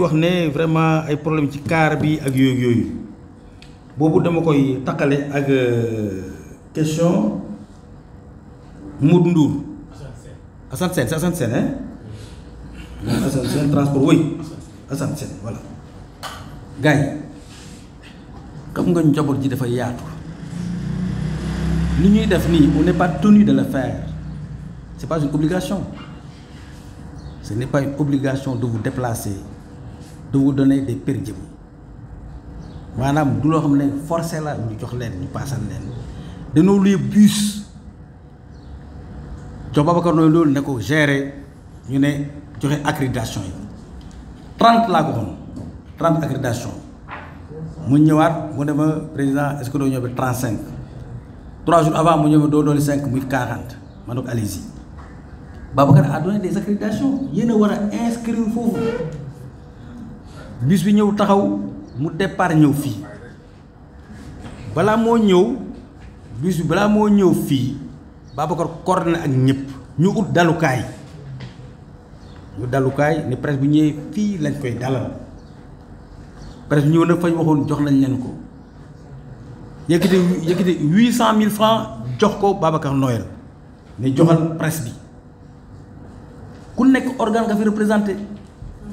fi wax ne vraiment ay problème ci car bi ak yoy yooyu bobu dama koy takalé ak euh, question Modou Ndour Assane Sène c'est Assane hein Assane Sène transport oui Assane Sène voilà gars yi xam nga njaboot ji dafa yaatu ni ñuy def ni on n'est pas tenu de le faire c'est pas une obligation ce n'est pas une obligation de vous déplacer de vous donner des per diem maanaam du loo xam ne forcé la ñu jox leen ñu paasal leen dañoo luy bus jox Babacar Ndoye loolu ne ko gérer ñu ne joxe accréditation yi trente laa ko xoon trente accréditation mu ñëwaat mu ne ma président est-ce que doo ñëw ba trente cinq trois jours avant mu ñëw ba doo dooli cinq muy quarante ma ne ko allez-y Babacar a des accréditations yéen war a inscrire foofu bus bi ñëw taxaw mu départ ñëw fii balaa moo ñëw bus bi balaa moo ñëw fii Babacar coordonné ak ñëpp ñu ut dalukaay ñu dalukaay ne presse bu ñëwee fii lañ koy dalal presse bi ñëw nag fañ waxoon jox nañ leen ko yëkkati yëkkati huit cent mille francs jox ko Babacar Noël ne joxal presse bi ku nekk organe nga fi représenté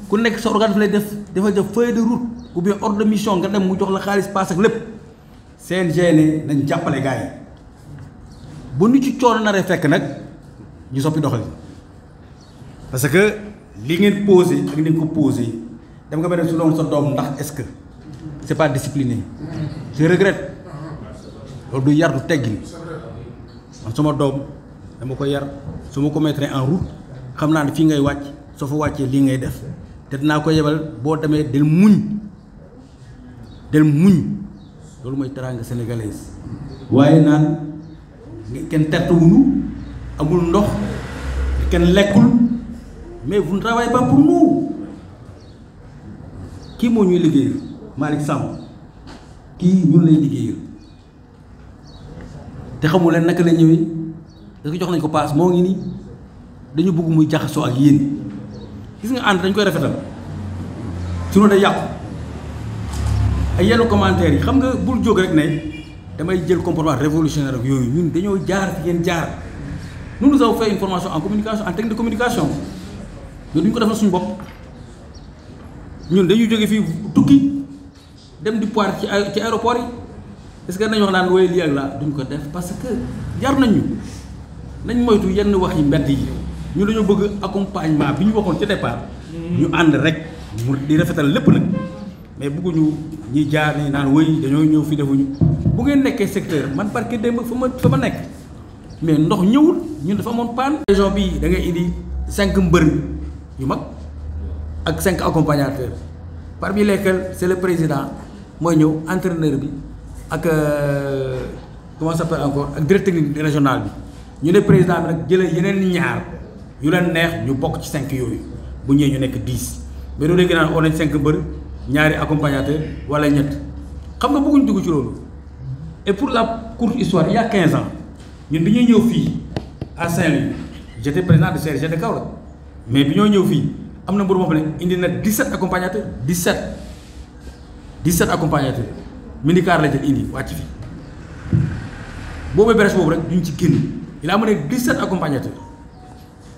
ku nekk sa organe fa lay def dafa def feuille de route ou bien ordre de mission nga dem mu jox la xaalis paas ak lépp CNG ne nañ jàppale gars yi bu ñu ci coono naree fekk nag ñu soppi doxal parce que li ngeen posé ak ni ko posé dem nga beneen su doon sa doom ndax est ce que c' pas discipliné je regrette loolu du yar du teggin man sama doom dama ko yar su ko mettre en route xam naa ngay wàcc soo fa wàccee lii ngay def te dinaa ko yebal boo demee del muñ del muñ loolu mooy teraanga sénégalaise waaye naan kenn tertuwunu amul ndox kenn lekkul mais vous ne travaillez pas pour nous kii moo ñuy liggéeyal Malick Samb kii ñun lay liggéeyal te xamul leen naka la ñëwee da ko jox nañ ko paas moo ngi ni dañu muy jaxasoo ak yéen gis nga ànd dañ koy rafetal suñu day yàqu ay yenn commentaire yi xam nga bul jóg rek ne damay jël comportement révolutionnaire ak yooyu ñun dañoo jaar fi ngeen jaar nous nous avons fait une formation en communication en technique de communication ñun duñ ko defal suñu bopp ñun dañuy jóge tukki dem di poire ci ci aéroport yi est ce que nañ wax naan wooye lii ak laa duñ ko def parce que jar nanyu, nany nañ moytu yenn wax yi mbedd yi ñu dañoo bëgg accompagnement bi ñu waxoon ca départ ñu ànd rek mu di rafetal lépp nag mais bëgguñu ñi jaar nañ naan wëy dañoo ñëw fi defuñu bu ngeen nekkee secteur man parce que démb fa ma fa ma nekk mais ndox ñëwul ñun dafa amoon paan région bii da ngay indi cinq mbër yu mag ak cinq accompagnateurs parmi lesquels c'est le président mooy ñëw entraîneur bi ak euh, comment s'appelle encore ak directeur régional bi ñu ne président bi nag jëlee yeneen ñaar yulen neex ñu bok ci 5 yoyu bu ñe ñu de 10 Mais do ils naan on 5 beur ñaari accompagnateur wala ñet xam nga bëgguñ dugg ci lolu et pour la courte histoire il y a 15 ans ñun eu ñëw fi à saint louis j'étais président de serge de kaoula mais biñu ñëw fi amna mbur mo fa indi na 17 accompagnateurs. 17 17 accompagnateurs, minicar la jël indi fi bobu rek duñ ci kenn il a 17 accompagnateurs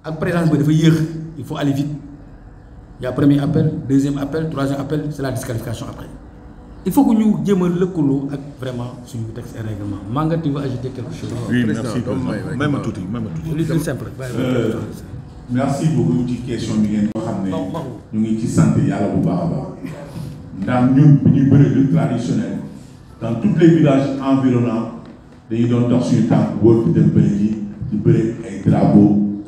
ak présence bi dafa il faut aller vite il y a premier appel deuxième appel troisième appel c'est la disqualification après il faut que nous jéem le lëkkaloo ak vraiment le texte et règlement Manga tu veux ajouter quelque chose. oui merci même tuuti même tuuti. lu simple. Euh, merci beaucoup ci question Nous ngeen ko xam ne ñu ngi ci sant yàlla bu baax a baax ñun traditionnel dans tous les villages environnants dañuy doon dox suñu temps wër bi dem bëri ji di bëri ay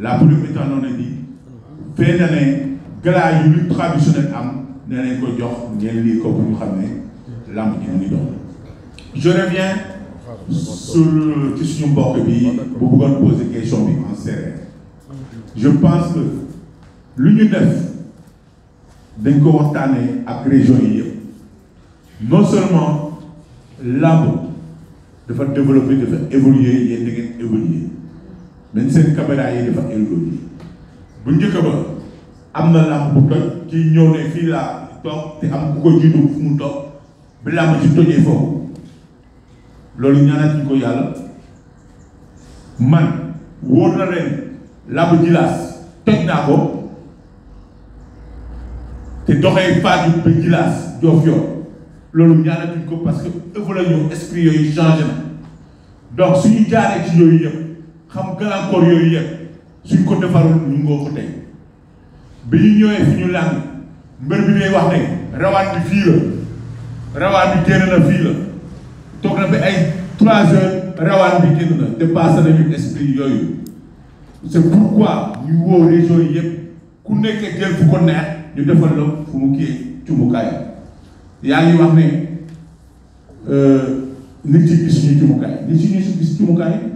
la plume étant non traditionnelle am ko oh, je reviens sur le question de bi poser question en série. je pense que l'unité def dañ ko région non seulement faire faire développer faire évoluer des gens évoluer nañ seen caméra yi dafa éloigné bu njëkk ba am na làmb bu toj kii ñëw ne fii laa toog te am ku ko jiitu fu mu toog bi làmb ci tojee foofu loolu ñaanal ñu ko yàlla man wóor na leen làmb jilaas toj naa ko te doxee Fatou ba jilaas joof yor loolu ñaanal ñu ko parce que ëpp la ñu esprit yooyu changé na donc suñu jaaree ci yooyu yëpp. xam gàllankoor yooyu yëpp suñ ko defarul ñu ngoo ko bi ñu ñëwee fi ñu làng mbër bi day wax ne rawaan bi fii la rawaan bi génn na fii la toog na bi ay trois heures rawaan bi génn na dépassé nañu esprit yooyu c'est pourquoi ñu woo région yi yëpp ku nekk jël fu ko neex ñu defal la fu mu kii cumukaay yaa ngi wax ne euh, nit ci gis ñu cumukaay nit ci gis cumukaay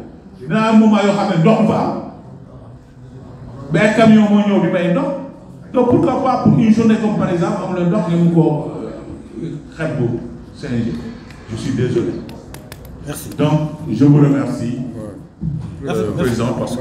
dans un moment yoo xam ne fa camion mo ñëw di may donc pourquoi pas pour une journée comme par exemple on le nga mu ko euh, xet bu CNG je suis désolé. merci donc je vous remercie. Euh, président parce que